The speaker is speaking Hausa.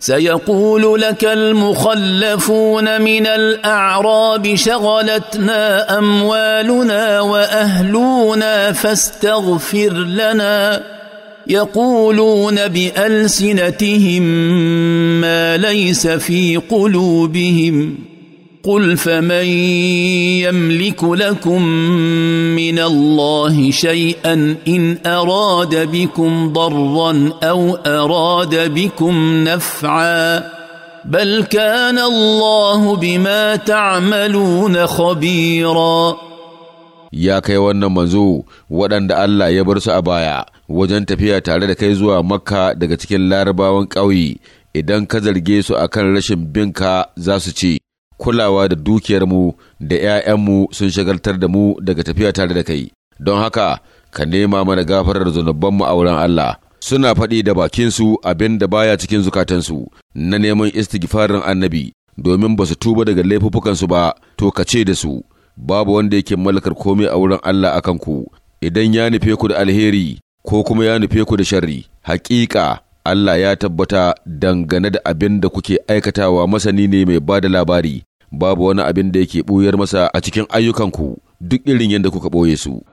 سيقول لك المخلفون من الاعراب شغلتنا اموالنا واهلونا فاستغفر لنا يقولون بالسنتهم ما ليس في قلوبهم قل فمن يملك لكم من الله شيئا ان اراد بكم ضرا او اراد بكم نفعا بل كان الله بما تعملون خبيرا ya kai wannan manzo waɗanda Allah ya bar su a baya wajen tafiya tare da kai zuwa makka daga cikin larabawan ƙauye idan ka zarge su akan rashin binka za su ce kulawa da dukiyarmu da ‘ya'yanmu sun shagaltar da mu daga tafiya tare da kai, don haka ka nema mana gafarar zunubanmu a wurin Allah. Suna faɗi da bakinsu abin da baya cikin zukatansu na neman istigifarin annabi, domin ba su tuba daga laifuffukansu ba, to ka ce da su, babu wanda yake mallakar komai a wurin Allah a kanku, idan ya nufe ku da alheri ko kuma ya nufe ku da sharri, haƙiƙa Allah ya tabbata dangane da abin da kuke aikatawa masani ne mai ba da labari. babu wani abin da yake ɓuyar masa a cikin ayyukanku duk irin yadda kuka ɓoye su.